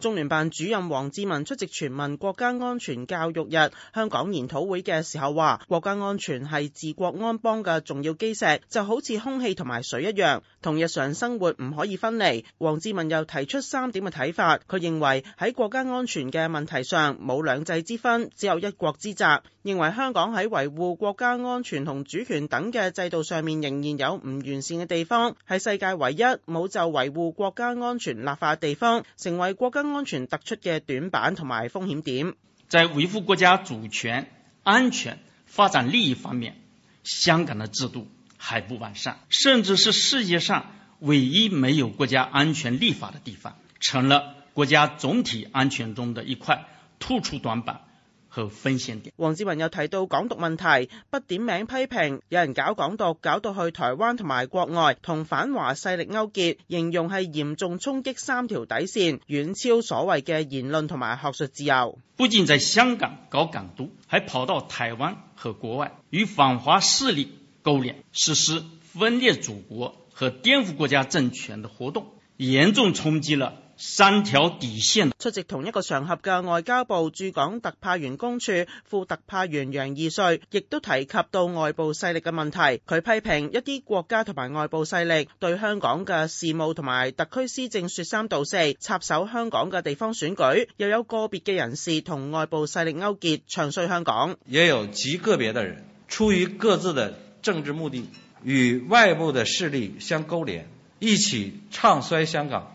中聯辦主任王志民出席全民國家安全教育日香港研討會嘅時候話：國家安全係治國安邦嘅重要基石，就好似空氣同埋水一樣，同日常生活唔可以分離。王志民又提出三點嘅睇法，佢認為喺國家安全嘅問題上冇兩制之分，只有一國之責。認為香港喺維護國家安全同主權等嘅制度上面仍然有唔完善嘅地方，係世界唯一冇就維護國家安全立法嘅地方，成為國家安全突出的短板同埋風險點，在維護國家主權、安全、發展利益方面，香港的制度還不完善，甚至是世界上唯一沒有國家安全立法的地方，成了國家總體安全中的一塊突出短板。王志民又提到港獨問題，不點名批評有人搞港獨，搞到去台灣同埋國外，同反華勢力勾結，形容係嚴重衝擊三條底線，遠超所謂嘅言論同埋學術自由。不僅在香港搞港獨，還跑到台灣和國外，與反華勢力勾連，實施分裂祖國和顛覆國家政權的活動，嚴重衝擊了三條底線。出席同一個場合嘅外交部駐港特派員公署副特派員楊義瑞，亦都提及到外部勢力嘅問題。佢批評一啲國家同埋外部勢力對香港嘅事務同埋特區施政説三道四，插手香港嘅地方選舉，又有個別嘅人士同外部勢力勾結，唱衰香港。也有極個別的人，出於各自的政治目的，與外部的勢力相勾連，一起唱衰香港。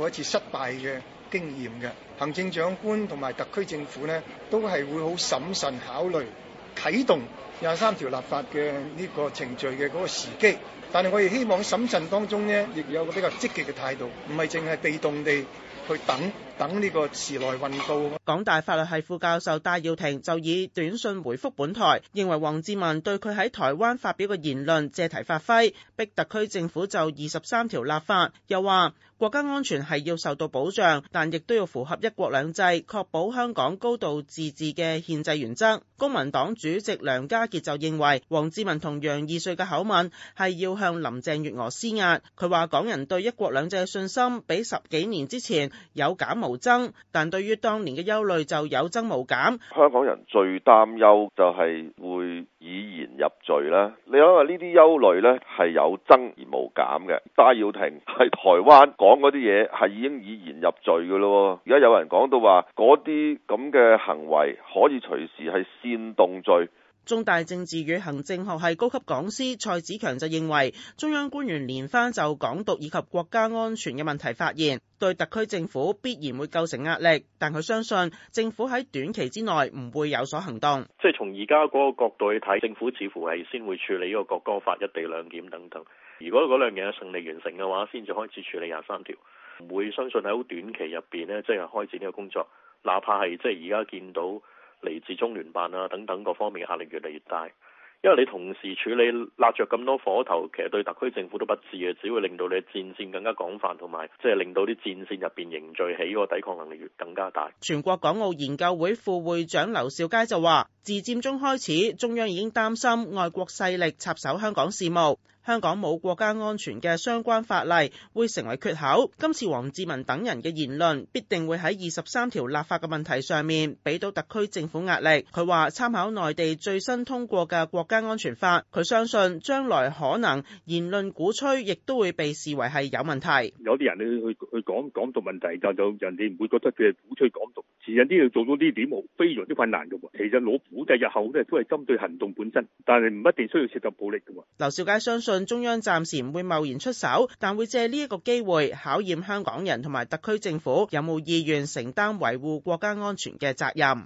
過一次失敗嘅經驗嘅行政長官同埋特區政府咧，都係會好審慎考慮啟動。廿三條立法嘅呢個程序嘅嗰個時機，但係我亦希望審慎當中呢亦有個比較積極嘅態度，唔係淨係被動地去等等呢個時來運到。港大法律系副教授戴耀廷就以短信回复本台，認為王志民對佢喺台灣發表嘅言論借題發揮，逼特區政府就二十三條立法又。又話國家安全係要受到保障，但亦都要符合一國兩制，確保香港高度自治嘅憲制原則。公民黨主席梁家就認為王志民同楊二瑞嘅口吻係要向林鄭月娥施壓。佢話港人對一國兩制嘅信心比十幾年之前有減無增，但對於當年嘅憂慮就有增無減。香港人最擔憂就係會以言入罪啦。你睇下呢啲憂慮呢係有增而無減嘅。戴耀廷喺台灣講嗰啲嘢係已經以言入罪噶咯。而家有人講到話嗰啲咁嘅行為可以隨時係煽動罪。中大政治與行政學系高級講師蔡子強就認為，中央官員連番就港獨以及國家安全嘅問題發言，對特區政府必然會構成壓力。但佢相信政府喺短期之內唔會有所行動。即係從而家嗰個角度去睇，政府似乎係先會處理呢個國歌法、一地兩檢等等。如果嗰兩樣嘢勝利完成嘅話，先至開始處理廿三條。唔會相信喺好短期入邊呢即係開展呢個工作。哪怕係即係而家見到嚟自中聯辦啊，等等各方面嘅壓力越嚟越大，因為你同時處理揦着咁多火頭，其實對特區政府都不利嘅，只會令到你戰線更加廣泛，同埋即係令到啲戰線入邊凝聚起個抵抗能力越更加大。全國港澳研究會副會長劉兆佳就話，自佔中開始，中央已經擔心外國勢力插手香港事務。香港冇國家安全嘅相關法例，會成為缺口。今次王志民等人嘅言論，必定會喺二十三條立法嘅問題上面，俾到特區政府壓力。佢話參考內地最新通過嘅國家安全法，佢相信將來可能言論鼓吹，亦都會被視為係有問題。有啲人去去去講港獨問題，就就人哋唔會覺得佢係鼓吹港獨。而有啲要做到呢點，無非常之困難嘅。其實攞武力日後咧，都係針對行動本身，但係唔一定需要涉及暴力嘅。劉兆佳相信中央暫時唔會貿然出手，但會借呢一個機會考驗香港人同埋特區政府有冇意願承擔維護國家安全嘅責任。